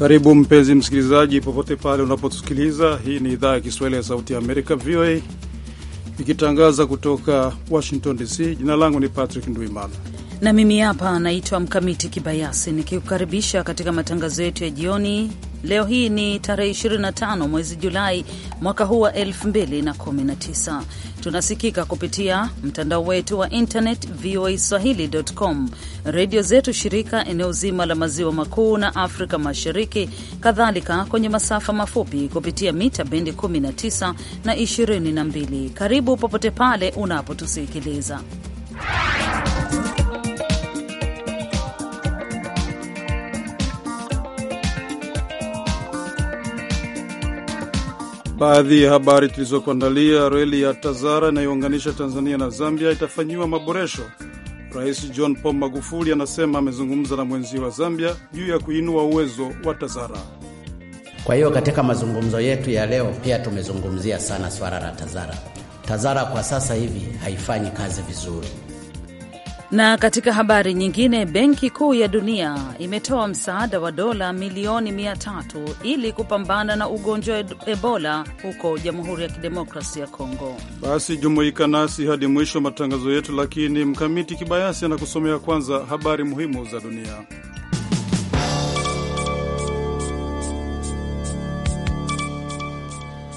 Karibu mpenzi msikilizaji, popote pale unapotusikiliza. Hii ni idhaa ya Kiswahili ya Sauti ya Amerika, VOA, ikitangaza kutoka Washington DC. Jina langu ni Patrick Ndwimana na mimi hapa anaitwa Mkamiti Kibayasi, nikikukaribisha katika matangazo yetu ya jioni Leo hii ni tarehe 25 mwezi Julai mwaka huu wa 2019. Tunasikika kupitia mtandao wetu wa internet voa swahili.com, redio zetu shirika eneo zima la maziwa makuu na Afrika Mashariki, kadhalika kwenye masafa mafupi kupitia mita bendi 19 na 22. Karibu popote pale unapotusikiliza Baadhi ya habari tulizokuandalia: reli ya Tazara inayounganisha Tanzania na Zambia itafanyiwa maboresho. Rais John Pombe Magufuli anasema amezungumza na mwenzi wa Zambia juu ya kuinua uwezo wa Tazara. Kwa hiyo katika mazungumzo yetu ya leo pia tumezungumzia sana swala la Tazara. Tazara kwa sasa hivi haifanyi kazi vizuri na katika habari nyingine, Benki Kuu ya Dunia imetoa msaada wa dola milioni mia tatu ili kupambana na ugonjwa wa Ebola huko Jamhuri ya Kidemokrasi ya Kongo. Basi jumuika nasi hadi mwisho wa matangazo yetu, lakini Mkamiti Kibayasi anakusomea kwanza habari muhimu za dunia.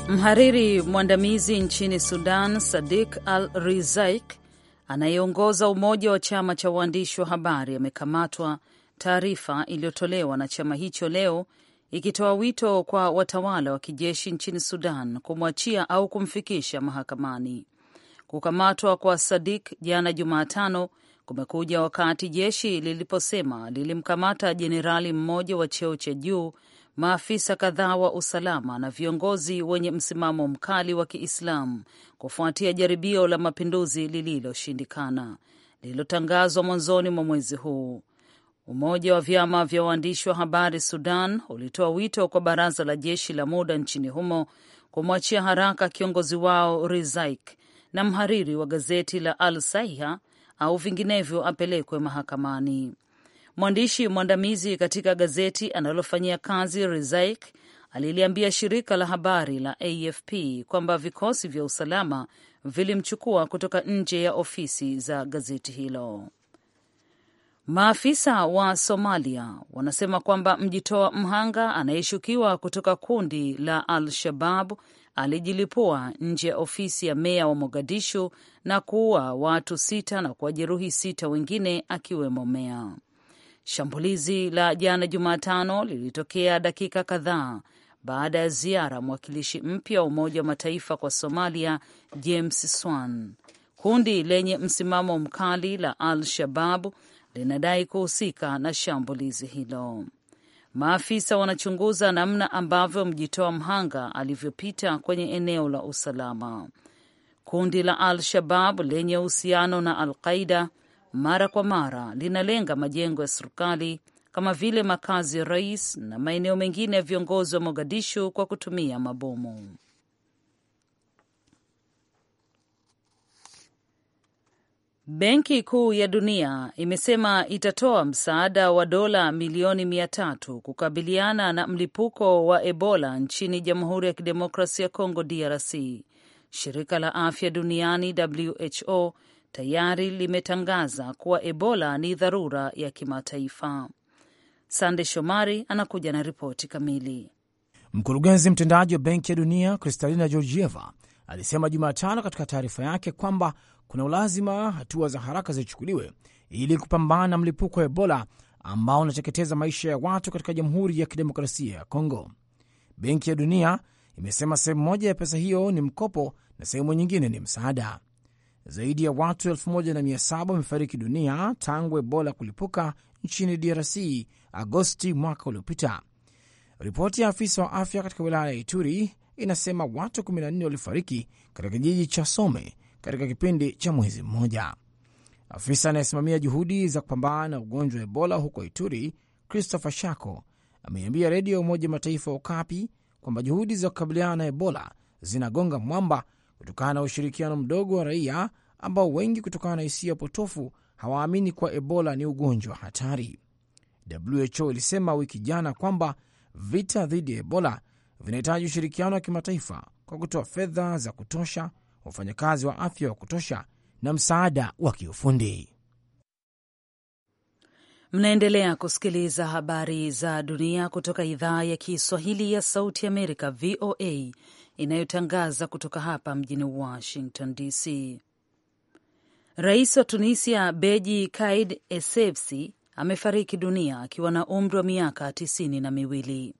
Mhariri mwandamizi nchini Sudan Sadik Al Rizaik anayeongoza umoja wa chama cha waandishi wa habari amekamatwa, taarifa iliyotolewa na chama hicho leo ikitoa wito kwa watawala wa kijeshi nchini Sudan kumwachia au kumfikisha mahakamani. Kukamatwa kwa Sadik jana Jumatano kumekuja wakati jeshi liliposema lilimkamata jenerali mmoja wa cheo cha juu maafisa kadhaa wa usalama na viongozi wenye msimamo mkali wa Kiislamu kufuatia jaribio la mapinduzi lililoshindikana lililotangazwa mwanzoni mwa mwezi huu. Umoja wa vyama vya waandishi wa habari Sudan ulitoa wito kwa baraza la jeshi la muda nchini humo kumwachia haraka kiongozi wao Rizaik na mhariri wa gazeti la Al Saiha au vinginevyo apelekwe mahakamani. Mwandishi mwandamizi katika gazeti analofanyia kazi rezaik aliliambia shirika la habari la AFP kwamba vikosi vya usalama vilimchukua kutoka nje ya ofisi za gazeti hilo. Maafisa wa Somalia wanasema kwamba mjitoa mhanga anayeshukiwa kutoka kundi la al shabab alijilipua nje ya ofisi ya meya wa Mogadishu na kuua watu sita na kuwajeruhi sita wengine akiwemo meya. Shambulizi la jana Jumatano lilitokea dakika kadhaa baada ya ziara mwakilishi mpya wa Umoja wa Mataifa kwa Somalia, James Swan. Kundi lenye msimamo mkali la Al Shababu linadai kuhusika na shambulizi hilo. Maafisa wanachunguza namna ambavyo mjitoa mhanga alivyopita kwenye eneo la usalama. Kundi la Al Shabab lenye uhusiano na Al Qaida mara kwa mara linalenga majengo ya serikali kama vile makazi ya rais na maeneo mengine ya viongozi wa Mogadishu kwa kutumia mabomu. Benki Kuu ya Dunia imesema itatoa msaada wa dola milioni mia tatu kukabiliana na mlipuko wa Ebola nchini Jamhuri ya Kidemokrasia ya Kongo, DRC. Shirika la Afya Duniani, WHO, tayari limetangaza kuwa Ebola ni dharura ya kimataifa. Sande Shomari anakuja na ripoti kamili. Mkurugenzi mtendaji wa Benki ya Dunia Kristalina Georgieva alisema Jumatano katika taarifa yake kwamba kuna ulazima hatua za haraka zichukuliwe ili kupambana na mlipuko wa Ebola ambao unateketeza maisha ya watu katika Jamhuri ya Kidemokrasia ya Kongo. Benki ya Dunia imesema sehemu moja ya pesa hiyo ni mkopo na sehemu nyingine ni msaada. Zaidi ya watu 1700 wamefariki dunia tangu Ebola kulipuka nchini DRC Agosti mwaka uliopita. Ripoti ya afisa wa afya katika wilaya ya Ituri inasema watu 14 walifariki katika kijiji cha Some katika kipindi cha mwezi mmoja. Afisa anayesimamia juhudi za kupambana na ugonjwa wa Ebola huko Ituri, Christopher Shako, ameiambia redio ya Umoja Mataifa wa Ukapi kwamba juhudi za kukabiliana na Ebola zinagonga mwamba kutokana na ushirikiano mdogo wa raia ambao wengi kutokana na hisia potofu hawaamini kuwa Ebola ni ugonjwa hatari. WHO ilisema wiki jana kwamba vita dhidi ya Ebola vinahitaji ushirikiano wa kimataifa kwa kutoa fedha za kutosha, wafanyakazi wa afya wa kutosha na msaada wa kiufundi. Mnaendelea kusikiliza habari za dunia kutoka idhaa ya Kiswahili ya Sauti Amerika, VOA, inayotangaza kutoka hapa mjini Washington DC. Rais wa Tunisia Beji kaid Essebsi amefariki dunia akiwa na umri wa miaka tisini na miwili.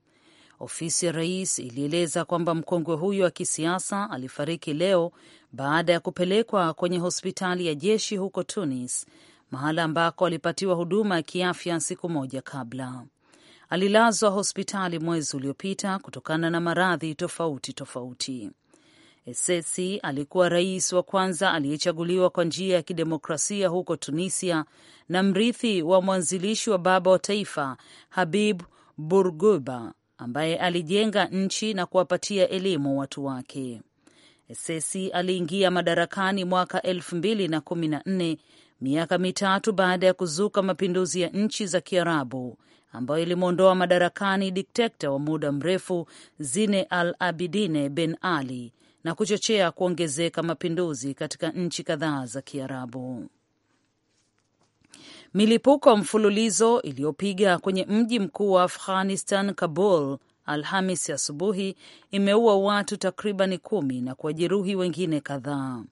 Ofisi ya rais ilieleza kwamba mkongwe huyo wa kisiasa alifariki leo baada ya kupelekwa kwenye hospitali ya jeshi huko Tunis, mahala ambako alipatiwa huduma ya kiafya siku moja kabla alilazwa hospitali mwezi uliopita kutokana na maradhi tofauti tofauti. Essesi alikuwa rais wa kwanza aliyechaguliwa kwa njia ya kidemokrasia huko Tunisia na mrithi wa mwanzilishi wa baba wa taifa Habib Bourguiba ambaye alijenga nchi na kuwapatia elimu watu wake. Essesi aliingia madarakani mwaka elfu mbili na kumi na nne miaka mitatu baada ya kuzuka mapinduzi ya nchi za Kiarabu ambayo ilimwondoa madarakani dikteta wa muda mrefu Zine Al Abidine Ben Ali na kuchochea kuongezeka mapinduzi katika nchi kadhaa za Kiarabu. Milipuko mfululizo iliyopiga kwenye mji mkuu wa Afghanistan, Kabul, Alhamis asubuhi imeua watu takribani kumi na kuwajeruhi wengine kadhaa.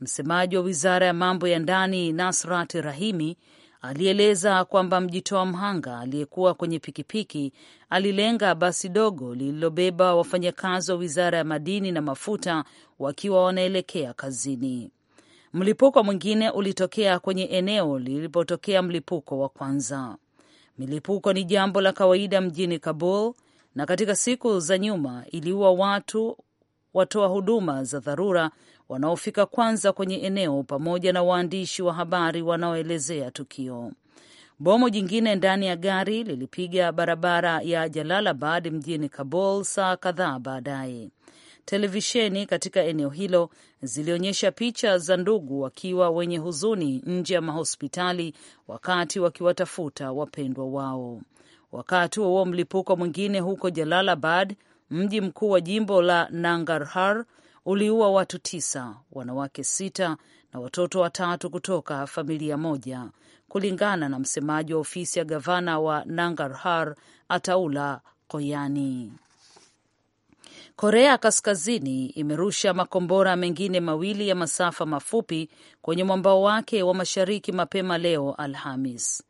Msemaji wa wizara ya mambo ya ndani Nasrat Rahimi alieleza kwamba mjitoa mhanga aliyekuwa kwenye pikipiki alilenga basi dogo lililobeba wafanyakazi wa wizara ya madini na mafuta wakiwa wanaelekea kazini. Mlipuko mwingine ulitokea kwenye eneo lilipotokea mlipuko wa kwanza. Milipuko ni jambo la kawaida mjini Kabul na katika siku za nyuma iliua watu watoa huduma za dharura wanaofika kwanza kwenye eneo pamoja na waandishi wa habari wanaoelezea tukio. Bomu jingine ndani ya gari lilipiga barabara ya Jalalabad mjini Kabul saa kadhaa baadaye. Televisheni katika eneo hilo zilionyesha picha za ndugu wakiwa wenye huzuni nje ya mahospitali wakati wakiwatafuta wapendwa wao. Wakati wa huo mlipuko mwingine huko Jalalabad, mji mkuu wa jimbo la Nangarhar, uliua watu tisa, wanawake sita na watoto watatu kutoka familia moja, kulingana na msemaji wa ofisi ya gavana wa Nangarhar Ataula Koyani. Korea Kaskazini imerusha makombora mengine mawili ya masafa mafupi kwenye mwambao wake wa mashariki mapema leo Alhamis.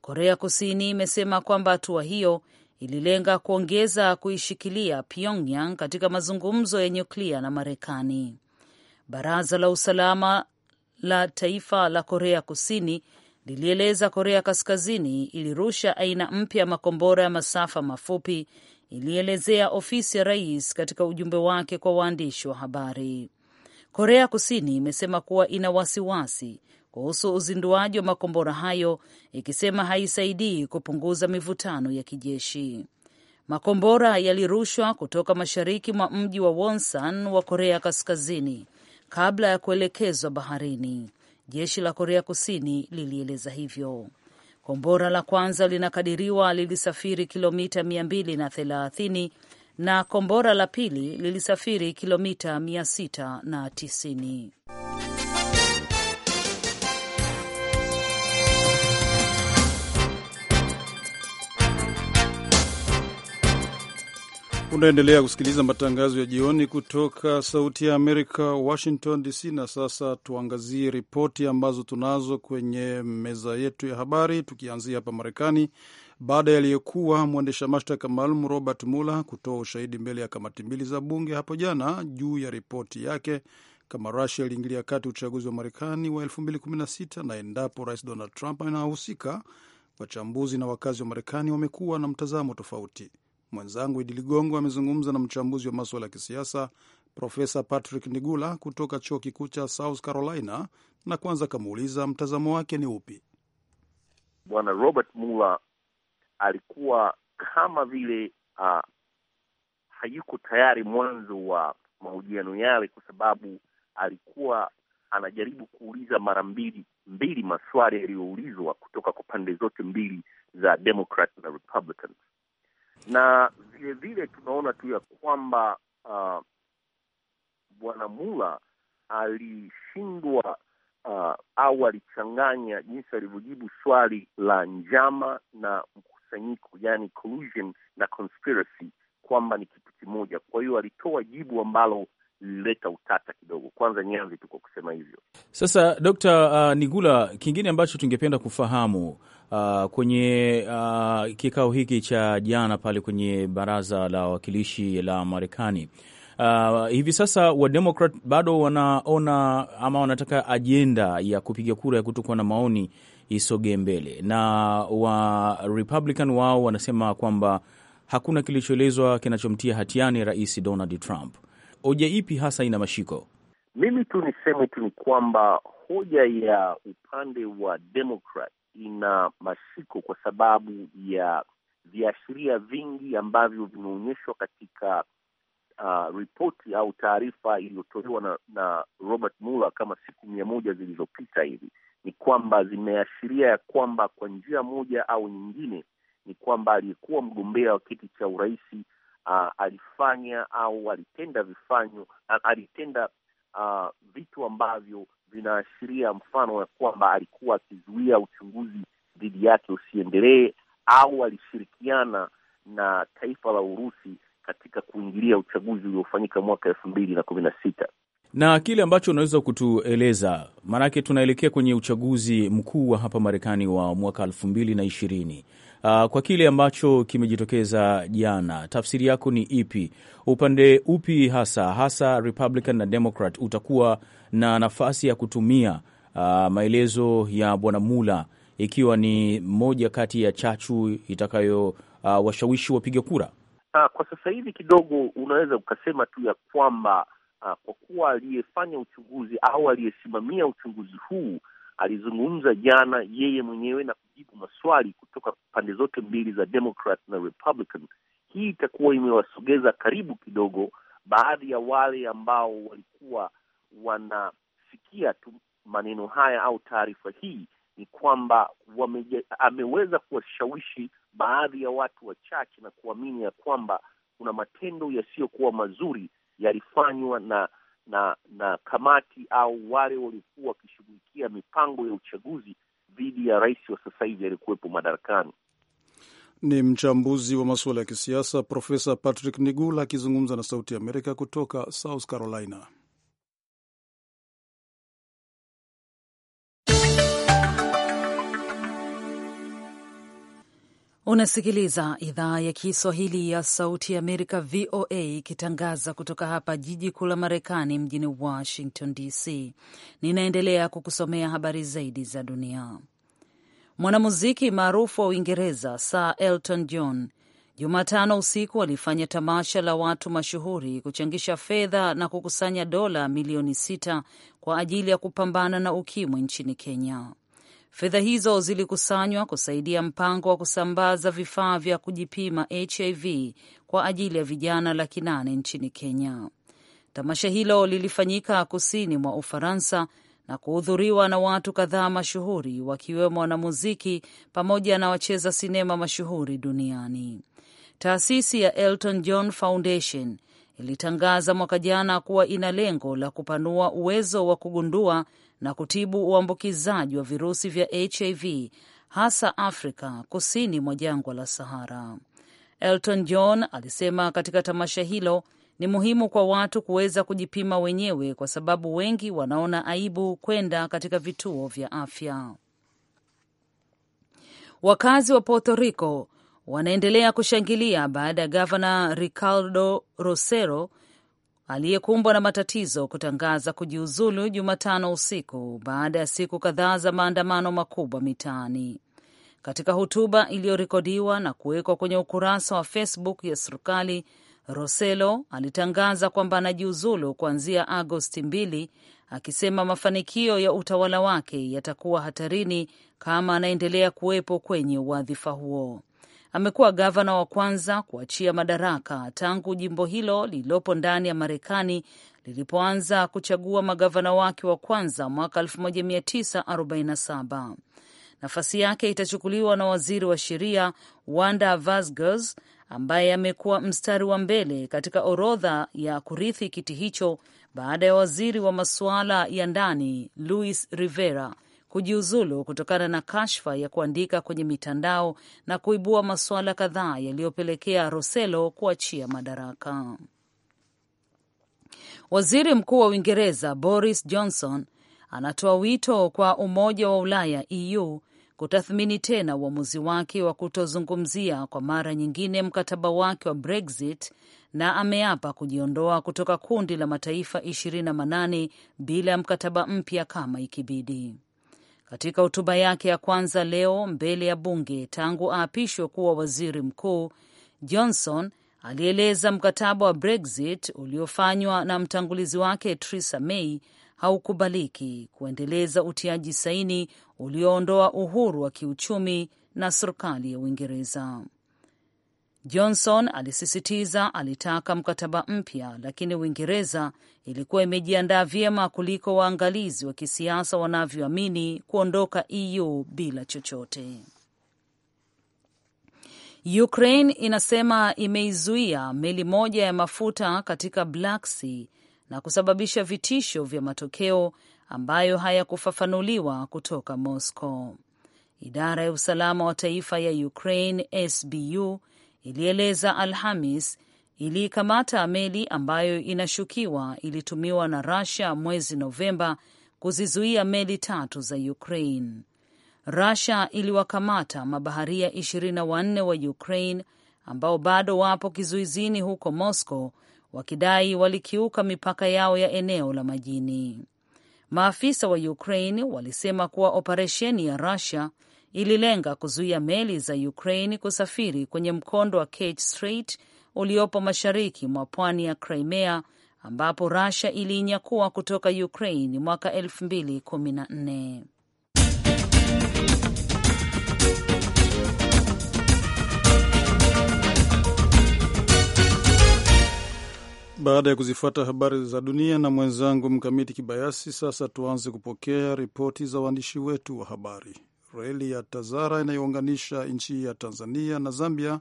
Korea Kusini imesema kwamba hatua hiyo ililenga kuongeza kuishikilia Pyongyang katika mazungumzo ya nyuklia na Marekani. Baraza la usalama la taifa la Korea Kusini lilieleza Korea Kaskazini ilirusha aina mpya ya makombora ya masafa mafupi, ilielezea ofisi ya rais katika ujumbe wake kwa waandishi wa habari. Korea Kusini imesema kuwa ina wasiwasi kuhusu uzinduaji wa makombora hayo, ikisema haisaidii kupunguza mivutano ya kijeshi. Makombora yalirushwa kutoka mashariki mwa mji wa Wonsan wa Korea Kaskazini kabla ya kuelekezwa baharini, jeshi la Korea Kusini lilieleza hivyo. Kombora la kwanza linakadiriwa lilisafiri kilomita 230 na kombora la pili lilisafiri kilomita 690. Unaendelea kusikiliza matangazo ya jioni kutoka Sauti ya Amerika, Washington DC. Na sasa tuangazie ripoti ambazo tunazo kwenye meza yetu ya habari, tukianzia hapa Marekani baada ya aliyekuwa mwendesha mashtaka maalum Robert Mueller kutoa ushahidi mbele ya kamati mbili za bunge hapo jana juu ya ripoti yake kama Rusia iliingilia kati uchaguzi wa Marekani wa 2016 na endapo Rais Donald Trump anahusika. Wachambuzi na wakazi wa Marekani wamekuwa na mtazamo tofauti. Mwenzangu Idi Ligongo amezungumza na mchambuzi wa maswala ya kisiasa Profesa Patrick Nigula kutoka chuo kikuu cha South Carolina, na kwanza akamuuliza mtazamo wake ni upi. Bwana Robert Mueller alikuwa kama vile uh, hayuko tayari mwanzo wa mahojiano yale, kwa sababu alikuwa anajaribu kuuliza mara mbili mbili maswali yaliyoulizwa kutoka kwa pande zote mbili za Democrat na Republicans na vilevile tunaona tu ya kwamba uh, bwana Mula alishindwa uh, au alichanganya jinsi alivyojibu swali la njama na mkusanyiko, yani collusion na conspiracy, kwamba ni kitu kimoja. Kwa hiyo alitoa jibu ambalo lilileta utata kidogo. Kwanza nianze tu kwa kusema hivyo. Sasa Dkt. uh, Nigula, kingine ambacho tungependa kufahamu Uh, kwenye uh, kikao hiki cha jana pale kwenye baraza la wawakilishi la Marekani uh, hivi sasa wademokrat bado wanaona ama wanataka ajenda ya kupiga kura ya kutokuwa na maoni isogee mbele, na wa Republican wao wanasema kwamba hakuna kilichoelezwa kinachomtia hatiani Rais Donald Trump. Hoja ipi hasa ina mashiko? Mimi tu niseme tu ni kwamba hoja ya upande wa Democrat ina mashiko kwa sababu ya viashiria vingi ambavyo vimeonyeshwa katika uh, ripoti au taarifa iliyotolewa na, na Robert Mueller kama siku mia moja zilizopita hivi, ni kwamba zimeashiria ya kwamba kwa njia moja au nyingine ni kwamba aliyekuwa mgombea wa kiti cha urais uh, alifanya au alitenda vifanyo uh, alitenda uh, vitu ambavyo vinaashiria mfano ya kwamba alikuwa akizuia uchunguzi dhidi yake usiendelee au alishirikiana na taifa la Urusi katika kuingilia uchaguzi uliofanyika mwaka elfu mbili na kumi na sita na kile ambacho unaweza kutueleza, maanake tunaelekea kwenye uchaguzi mkuu wa hapa Marekani wa mwaka elfu mbili na ishirini. Uh, kwa kile ambacho kimejitokeza jana, tafsiri yako ni ipi? Upande upi hasa hasa Republican na Democrat utakuwa na nafasi ya kutumia uh, maelezo ya Bwana Mula ikiwa ni moja kati ya chachu itakayowashawishi ah, uh, wapiga kura uh, kwa sasa hivi kidogo unaweza ukasema tu ya kwamba uh, kwa kuwa aliyefanya uchunguzi au aliyesimamia uchunguzi huu alizungumza jana yeye mwenyewe na kujibu maswali kutoka pande zote mbili za Democrat na Republican. Hii itakuwa imewasogeza karibu kidogo baadhi ya wale ambao walikuwa wanasikia tu maneno haya au taarifa hii, ni kwamba wameje, ameweza kuwashawishi baadhi ya watu wachache na kuamini ya kwamba kuna matendo yasiyokuwa mazuri yalifanywa na na na kamati au wale waliokuwa wakishughulikia mipango ya uchaguzi dhidi ya rais wa sasa hivi aliyekuwepo madarakani. Ni mchambuzi wa masuala ya kisiasa Profesa Patrick Nigula akizungumza na Sauti ya Amerika kutoka South Carolina. Unasikiliza idhaa ya Kiswahili ya Sauti ya Amerika, VOA, ikitangaza kutoka hapa jiji kuu la Marekani, mjini Washington DC. Ninaendelea kukusomea habari zaidi za dunia. Mwanamuziki maarufu wa Uingereza Sir Elton John Jumatano usiku alifanya tamasha la watu mashuhuri kuchangisha fedha na kukusanya dola milioni sita kwa ajili ya kupambana na ukimwi nchini Kenya. Fedha hizo zilikusanywa kusaidia mpango wa kusambaza vifaa vya kujipima HIV kwa ajili ya vijana laki nane nchini Kenya. Tamasha hilo lilifanyika kusini mwa Ufaransa na kuhudhuriwa na watu kadhaa mashuhuri wakiwemo wanamuziki pamoja na wacheza sinema mashuhuri duniani. Taasisi ya Elton John Foundation ilitangaza mwaka jana kuwa ina lengo la kupanua uwezo wa kugundua na kutibu uambukizaji wa virusi vya HIV hasa Afrika kusini mwa jangwa la Sahara. Elton John alisema katika tamasha hilo, ni muhimu kwa watu kuweza kujipima wenyewe kwa sababu wengi wanaona aibu kwenda katika vituo vya afya. Wakazi wa Puerto Rico wanaendelea kushangilia baada ya gavana Ricardo Rosero aliyekumbwa na matatizo kutangaza kujiuzulu Jumatano usiku baada ya siku kadhaa za maandamano makubwa mitaani. Katika hotuba iliyorekodiwa na kuwekwa kwenye ukurasa wa Facebook ya serikali, Roselo alitangaza kwamba anajiuzulu kuanzia Agosti mbili, akisema mafanikio ya utawala wake yatakuwa hatarini kama anaendelea kuwepo kwenye wadhifa huo amekuwa gavana wa kwanza kuachia madaraka tangu jimbo hilo lililopo ndani ya Marekani lilipoanza kuchagua magavana wake wa kwanza mwaka 1947. Nafasi yake itachukuliwa na waziri wa sheria Wanda Vasgers ambaye amekuwa mstari wa mbele katika orodha ya kurithi kiti hicho baada ya waziri wa masuala ya ndani Luis Rivera kujiuzulu kutokana na kashfa ya kuandika kwenye mitandao na kuibua masuala kadhaa yaliyopelekea Roselo kuachia madaraka. Waziri Mkuu wa Uingereza Boris Johnson anatoa wito kwa Umoja wa Ulaya EU kutathmini tena uamuzi wake wa kutozungumzia kwa mara nyingine mkataba wake wa Brexit na ameapa kujiondoa kutoka kundi la mataifa ishirini na manane bila ya mkataba mpya kama ikibidi. Katika hotuba yake ya kwanza leo mbele ya bunge tangu aapishwe kuwa waziri mkuu, Johnson alieleza mkataba wa Brexit uliofanywa na mtangulizi wake Theresa May haukubaliki kuendeleza utiaji saini ulioondoa uhuru wa kiuchumi na serikali ya Uingereza. Johnson alisisitiza alitaka mkataba mpya, lakini Uingereza ilikuwa imejiandaa vyema kuliko waangalizi wa kisiasa wanavyoamini kuondoka EU bila chochote. Ukraine inasema imeizuia meli moja ya mafuta katika Black Sea na kusababisha vitisho vya matokeo ambayo hayakufafanuliwa kutoka Moscow. Idara ya usalama wa taifa ya Ukraine SBU ilieleza Alhamis iliikamata meli ambayo inashukiwa ilitumiwa na Russia mwezi Novemba kuzizuia meli tatu za Ukraine. Russia iliwakamata mabaharia 24 wa Ukraine ambao bado wapo kizuizini huko Moscow wakidai walikiuka mipaka yao ya eneo la majini. Maafisa wa Ukraine walisema kuwa operesheni ya rasia ililenga kuzuia meli za Ukraine kusafiri kwenye mkondo wa Kerch Strait uliopo mashariki mwa pwani ya Crimea ambapo Russia iliinyakua kutoka Ukraine mwaka 2014. Baada ya kuzifuata habari za dunia na mwenzangu Mkamiti Kibayasi, sasa tuanze kupokea ripoti za waandishi wetu wa habari. Reli ya Tazara inayounganisha nchi ya Tanzania na Zambia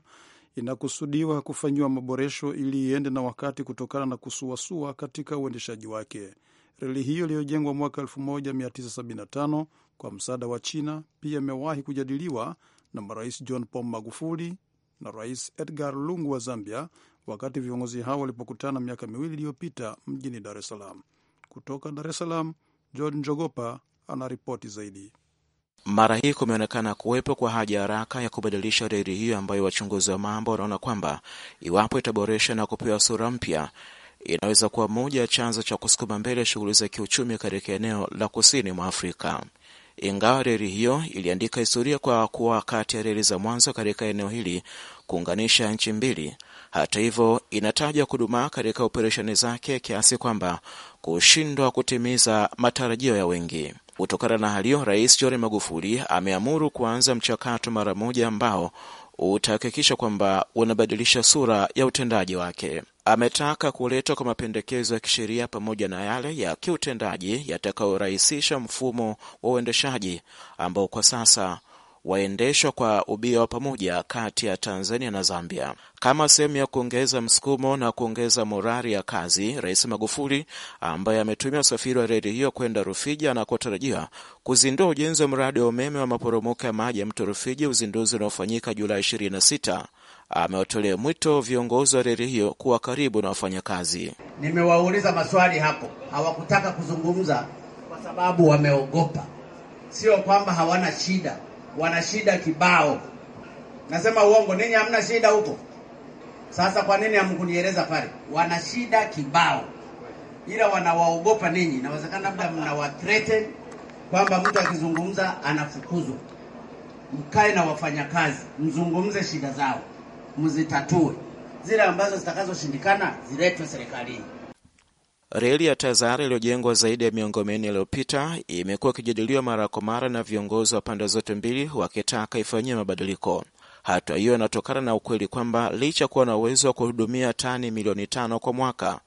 inakusudiwa kufanyiwa maboresho ili iende na wakati kutokana na kusuasua katika uendeshaji wake. Reli hiyo iliyojengwa mwaka 1975 kwa msaada wa China pia imewahi kujadiliwa na marais John Pombe Magufuli na Rais Edgar Lungu wa Zambia wakati viongozi hao walipokutana miaka miwili iliyopita mjini Dar es Salaam. Kutoka Dar es Salaam, John Njogopa anaripoti zaidi. Mara hii kumeonekana kuwepo kwa haja haraka ya kubadilisha reli hiyo ambayo wachunguzi wa mambo wanaona kwamba iwapo itaboresha na kupewa sura mpya inaweza kuwa moja ya chanzo cha kusukuma mbele shughuli za kiuchumi katika eneo la kusini mwa Afrika. Ingawa reli hiyo iliandika historia kwa kuwa kati ya reli za mwanzo katika eneo hili kuunganisha nchi mbili, hata hivyo, inataja kudumaa katika operesheni zake kiasi kwamba kushindwa kutimiza matarajio ya wengi. Kutokana na haliyo, Rais John Magufuli ameamuru kuanza mchakato mara moja ambao utahakikisha kwamba unabadilisha sura ya utendaji wake. Ametaka kuletwa kwa mapendekezo ya kisheria pamoja na yale ya kiutendaji yatakayorahisisha mfumo wa uendeshaji ambao kwa sasa waendeshwa kwa ubia wa pamoja kati ya Tanzania na Zambia kama sehemu ya kuongeza msukumo na kuongeza morari ya kazi. Rais Magufuli ambaye ametumia usafiri wa reli hiyo kwenda Rufiji anakotarajiwa kuzindua ujenzi wa mradi wa umeme wa maporomoko ya maji ya mto Rufiji, uzinduzi unaofanyika Julai 26, amewatolea mwito viongozi wa reli hiyo kuwa karibu na wafanyakazi. Nimewauliza maswali hapo, hawakutaka kuzungumza kwa sababu wameogopa. Sio kwamba hawana shida wana shida kibao. Nasema uongo? Ninyi hamna shida huko? Sasa kwa nini hamkunieleza pale? Wana shida kibao, ila wanawaogopa ninyi. Inawezekana labda mnawa threaten kwamba mtu akizungumza anafukuzwa. Mkae na wafanyakazi, mzungumze shida zao, mzitatue. Zile ambazo zitakazoshindikana ziletwe serikalini. Reli ya Tazara iliyojengwa zaidi ya miongo minne iliyopita imekuwa ikijadiliwa mara kwa mara na viongozi wa pande zote mbili wakitaka ifanyiwe mabadiliko. Hatua hiyo inatokana na ukweli kwamba licha kuwa na uwezo wa kuhudumia tani milioni tano kwa mwaka,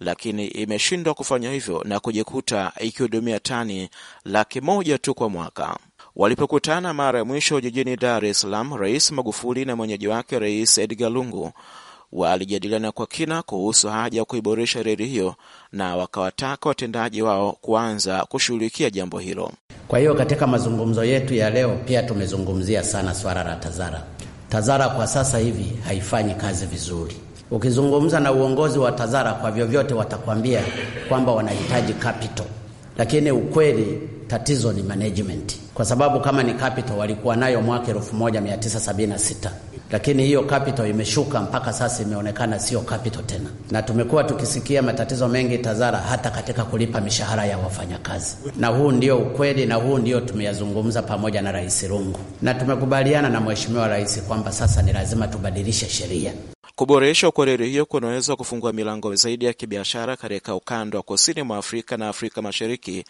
lakini imeshindwa kufanya hivyo na kujikuta ikihudumia tani laki moja tu kwa mwaka. Walipokutana mara ya mwisho jijini Dar es Salaam, Rais Magufuli na mwenyeji wake Rais Edgar Lungu walijadiliana kwa kina kuhusu haja ya kuiboresha reli hiyo na wakawataka watendaji wao kuanza kushughulikia jambo hilo. Kwa hiyo katika mazungumzo yetu ya leo pia tumezungumzia sana swala la TAZARA. TAZARA kwa sasa hivi haifanyi kazi vizuri. Ukizungumza na uongozi wa TAZARA kwa vyovyote watakwambia kwamba wanahitaji kapito, lakini ukweli tatizo ni management kwa sababu kama ni capital walikuwa nayo mwaka 1976 lakini hiyo capital imeshuka mpaka sasa, imeonekana sio capital tena, na tumekuwa tukisikia matatizo mengi TAZARA hata katika kulipa mishahara ya wafanyakazi, na huu ndio ukweli, na huu ndio tumeyazungumza pamoja na Rais Lungu, na tumekubaliana na Mheshimiwa Rais kwamba sasa ni lazima tubadilishe sheria. Kuboreshwa kwa reli hiyo kunaweza kufungua milango zaidi ya kibiashara katika ukanda wa kusini mwa Afrika na Afrika Mashariki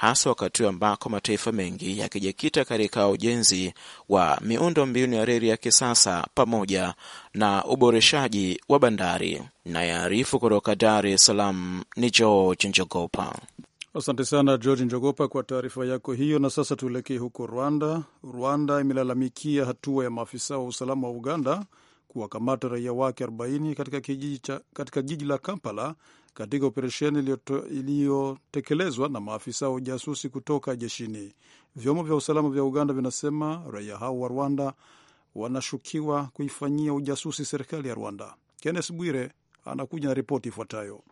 hasa wakati ambako mataifa mengi yakijikita katika ujenzi wa miundo mbinu ya reli ya kisasa pamoja na uboreshaji wa bandari. Nayearifu kutoka Dar es Salaam ni George Njogopa. Asante sana George Njogopa kwa taarifa yako hiyo. Na sasa tuelekee huko Rwanda. Rwanda imelalamikia hatua ya maafisa wa usalama wa Uganda kuwakamata raia wake 40 katika jiji la Kampala katika operesheni iliyotekelezwa na maafisa wa ujasusi kutoka jeshini. Vyombo vya usalama vya Uganda vinasema raia hao wa Rwanda wanashukiwa kuifanyia ujasusi serikali ya Rwanda. Kennes Bwire anakuja na ripoti ifuatayo.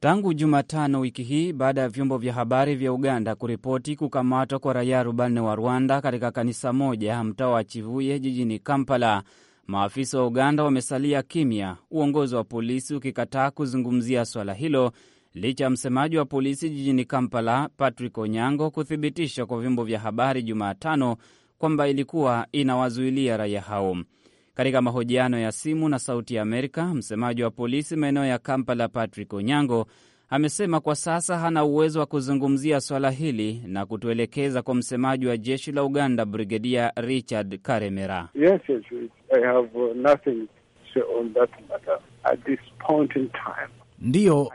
Tangu Jumatano wiki hii baada ya vyombo vya habari vya Uganda kuripoti kukamatwa kwa raia arobaini wa Rwanda katika kanisa moja mtaa wa Chivuye jijini Kampala, Maafisa wa Uganda wamesalia kimya, uongozi wa polisi ukikataa kuzungumzia swala hilo licha ya msemaji wa polisi jijini Kampala Patrick Onyango kuthibitisha kwa vyombo vya habari Jumatano kwamba ilikuwa inawazuilia raia hao. Katika mahojiano ya simu na Sauti ya Amerika, msemaji wa polisi maeneo ya Kampala Patrick Onyango amesema kwa sasa hana uwezo wa kuzungumzia swala hili na kutuelekeza kwa msemaji wa jeshi la Uganda, Brigedia Richard Karemera. Yes, yes, I have uh, nothing to say on that matter at this point in time. Ndiyo,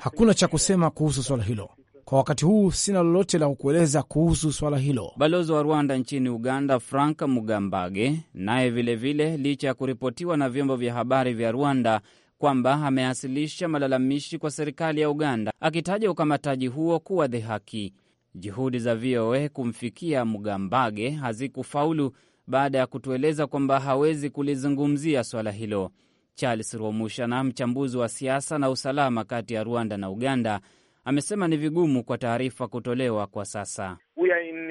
hakuna cha kusema kuhusu swala hilo kwa wakati huu. Sina lolote la kukueleza kuhusu swala hilo. Balozi wa Rwanda nchini Uganda Frank Mugambage naye vilevile, licha ya kuripotiwa na vyombo vya habari vya Rwanda kwamba amewasilisha malalamishi kwa serikali ya Uganda akitaja ukamataji huo kuwa dhihaki. Juhudi za VOA kumfikia Mugambage hazikufaulu baada ya kutueleza kwamba hawezi kulizungumzia swala hilo. Charles romushana mchambuzi wa siasa na usalama kati ya Rwanda na Uganda, amesema ni vigumu kwa taarifa kutolewa kwa sasa. We are in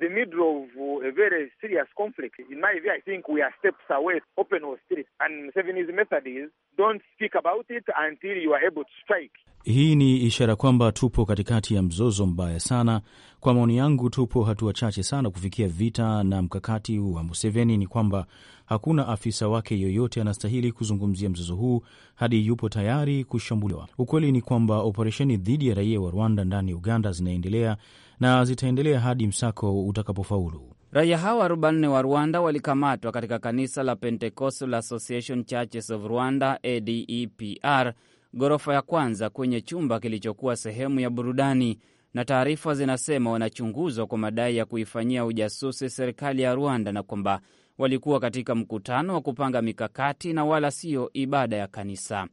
the middle of uh, a very serious conflict. In my view, I think we are steps away open hostility, and Museveni's method is don't speak about it until you are able to strike. Hii ni ishara kwamba tupo katikati ya mzozo mbaya sana. Kwa maoni yangu, tupo hatua chache sana kufikia vita, na mkakati wa Museveni ni kwamba hakuna afisa wake yoyote anastahili kuzungumzia mzozo huu hadi yupo tayari kushambuliwa. Ukweli ni kwamba operesheni dhidi ya raia wa Rwanda ndani ya Uganda zinaendelea na zitaendelea hadi msako utakapofaulu. Raia hao 44 wa Rwanda walikamatwa katika kanisa la Pentecostal Association Churches of Rwanda ADEPR, ghorofa ya kwanza kwenye chumba kilichokuwa sehemu ya burudani, na taarifa zinasema wanachunguzwa kwa madai ya kuifanyia ujasusi serikali ya Rwanda na kwamba walikuwa katika mkutano wa kupanga mikakati na wala sio ibada ya kanisa.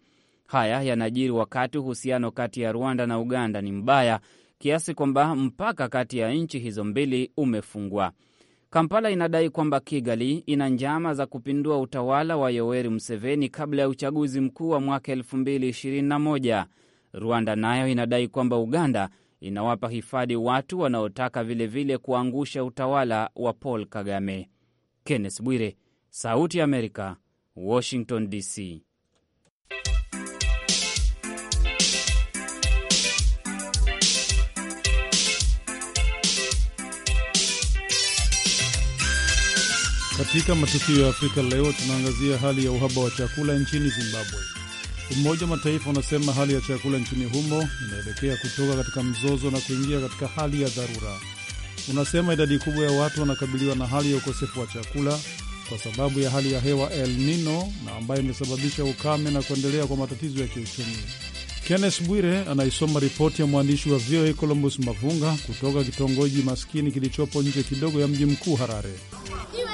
Haya yanajiri wakati uhusiano kati ya Rwanda na Uganda ni mbaya kiasi kwamba mpaka kati ya nchi hizo mbili umefungwa. Kampala inadai kwamba Kigali ina njama za kupindua utawala wa Yoweri Museveni kabla ya uchaguzi mkuu wa mwaka 2021. Rwanda nayo inadai kwamba Uganda inawapa hifadhi watu wanaotaka vilevile kuangusha utawala wa Paul Kagame. Kenneth Bwire, Sauti ya Amerika, Washington DC. Katika matukio ya Afrika leo tunaangazia hali ya uhaba wa chakula nchini Zimbabwe. Umoja wa Mataifa unasema hali ya chakula nchini humo inaelekea kutoka katika mzozo na kuingia katika hali ya dharura. Unasema idadi kubwa ya watu wanakabiliwa na hali ya ukosefu wa chakula kwa sababu ya hali ya hewa El Nino na ambayo imesababisha ukame na kuendelea kwa matatizo ya kiuchumi. Kennes Bwire anaisoma ripoti ya mwandishi wa VOA Columbus Mavunga kutoka kitongoji maskini kilichopo nje kidogo ya mji mkuu Harare.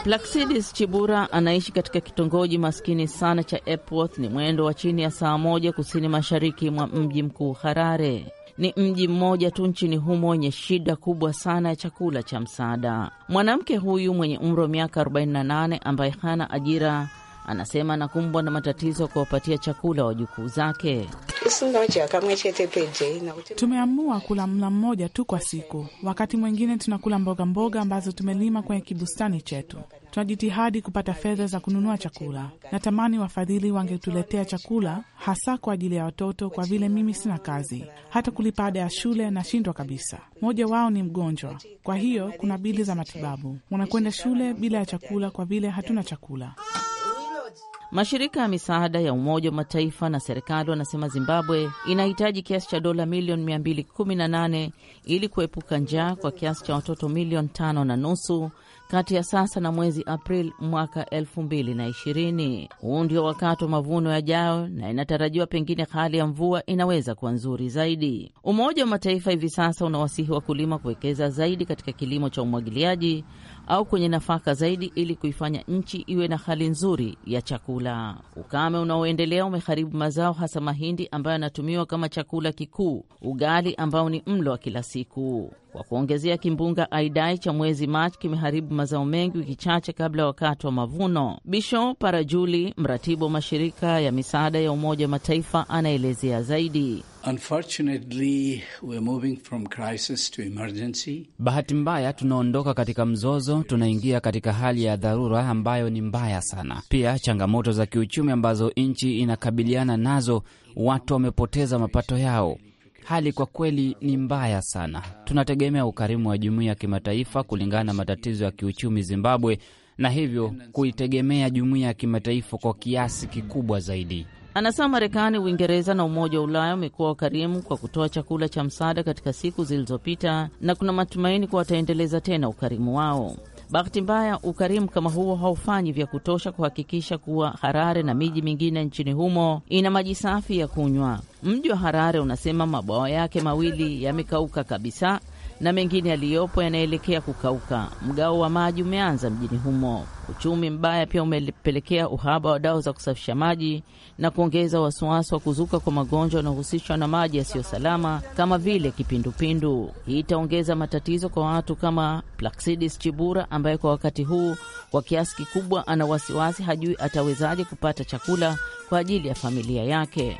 Plaxidis Chibura anaishi katika kitongoji maskini sana cha Epworth, ni mwendo wa chini ya saa moja kusini mashariki mwa mji mkuu Harare. Ni mji mmoja tu nchini humo wenye shida kubwa sana ya chakula cha msaada. Mwanamke huyu mwenye umri wa miaka 48 ambaye hana ajira anasema anakumbwa na matatizo ya kuwapatia chakula wajukuu zake. Tumeamua kula mla mmoja tu kwa siku. Wakati mwingine tunakula mboga mboga ambazo tumelima kwenye kibustani chetu. Tunajitihadi kupata fedha za kununua chakula. Natamani wafadhili wangetuletea chakula, hasa kwa ajili ya watoto, kwa vile mimi sina kazi. Hata kulipa ada ya shule nashindwa kabisa. Mmoja wao ni mgonjwa, kwa hiyo kuna bili za matibabu. Wanakwenda shule bila ya chakula, kwa vile hatuna chakula. Mashirika ya misaada ya Umoja wa Mataifa na serikali wanasema Zimbabwe inahitaji kiasi cha dola milioni 218 ili kuepuka njaa kwa kiasi cha watoto milioni tano na nusu kati ya sasa na mwezi Aprili mwaka elfu Huu ndio wakati wa mavuno yajayo na inatarajiwa pengine hali ya mvua inaweza kuwa nzuri zaidi. Umoja wa Mataifa hivi sasa unawasihi wakulima kuwekeza zaidi katika kilimo cha umwagiliaji au kwenye nafaka zaidi ili kuifanya nchi iwe na hali nzuri ya chakula. Ukame unaoendelea umeharibu mazao, hasa mahindi ambayo yanatumiwa kama chakula kikuu, ugali ambao ni mlo wa kila siku. Kwa kuongezea, kimbunga Aidai cha mwezi Machi kimeharibu mazao mengi wiki chache kabla ya wakati wa mavuno. Bisho Parajuli, mratibu wa mashirika ya misaada ya Umoja wa Mataifa, anaelezea zaidi. Bahati mbaya tunaondoka katika mzozo, tunaingia katika hali ya dharura ambayo ni mbaya sana. Pia changamoto za kiuchumi ambazo nchi inakabiliana nazo, watu wamepoteza mapato yao. Hali kwa kweli ni mbaya sana. Tunategemea ukarimu wa jumuiya ya kimataifa kulingana na matatizo ya kiuchumi Zimbabwe, na hivyo kuitegemea jumuiya ya kimataifa kwa kiasi kikubwa zaidi. Anasema Marekani, Uingereza na Umoja wa Ulaya umekuwa wakarimu kwa kutoa chakula cha msaada katika siku zilizopita na kuna matumaini kuwa wataendeleza tena ukarimu wao. Bahati mbaya, ukarimu kama huo haufanyi vya kutosha kuhakikisha kuwa Harare na miji mingine nchini humo ina maji safi ya kunywa. Mji wa Harare unasema mabwawa yake mawili yamekauka kabisa na mengine yaliyopo yanaelekea kukauka. Mgao wa maji umeanza mjini humo. Uchumi mbaya pia umepelekea uhaba wa dawa za kusafisha maji na kuongeza wasiwasi wa kuzuka kwa magonjwa yanaohusishwa na maji yasiyo salama kama vile kipindupindu. Hii itaongeza matatizo kwa watu kama Plaksidis Chibura, ambaye kwa wakati huu kwa kiasi kikubwa ana wasiwasi, hajui atawezaje kupata chakula kwa ajili ya familia yake.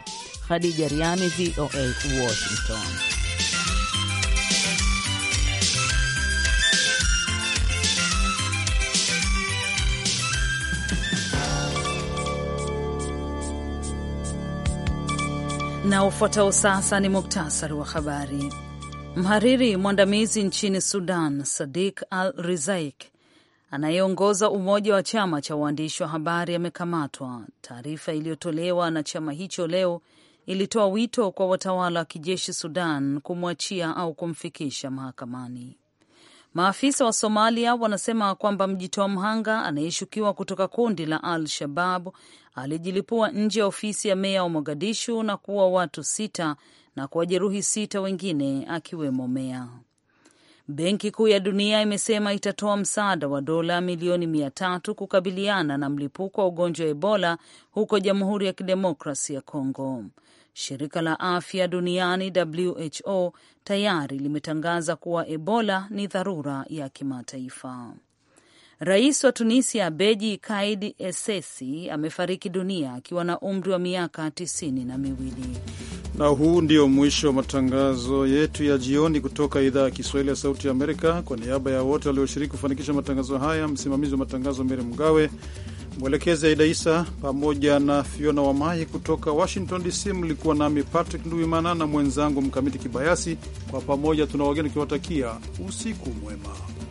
Khadija Riami, VOA, Washington. Na ufuatao sasa ni muktasari wa habari. Mhariri mwandamizi nchini Sudan, Sadik Al Rizaik, anayeongoza umoja wa chama cha waandishi wa habari amekamatwa. Taarifa iliyotolewa na chama hicho leo ilitoa wito kwa watawala wa kijeshi Sudan kumwachia au kumfikisha mahakamani. Maafisa wa Somalia wanasema kwamba mjitoa mhanga anayeshukiwa kutoka kundi la Al Shabab alijilipua nje ya ofisi ya meya wa Mogadishu na kuua watu sita na kuwajeruhi sita wengine akiwemo meya. Benki Kuu ya Dunia imesema itatoa msaada wa dola milioni mia tatu kukabiliana na mlipuko wa ugonjwa wa Ebola huko Jamhuri ya Kidemokrasi ya congo Shirika la Afya Duniani WHO tayari limetangaza kuwa Ebola ni dharura ya kimataifa. Rais wa Tunisia Beji Kaid Essesi amefariki dunia akiwa na umri wa miaka tisini na miwili. Na huu ndio mwisho wa matangazo yetu ya jioni kutoka idhaa ya Kiswahili ya Sauti ya Amerika. Kwa niaba ya wote walioshiriki kufanikisha matangazo haya, msimamizi wa matangazo Meri Mgawe, mwelekezi Aida Isa pamoja na Fiona Wamai kutoka Washington DC. Mlikuwa nami Patrick Nduimana na mwenzangu Mkamiti Kibayasi, kwa pamoja tuna wageni ukiwatakia usiku mwema.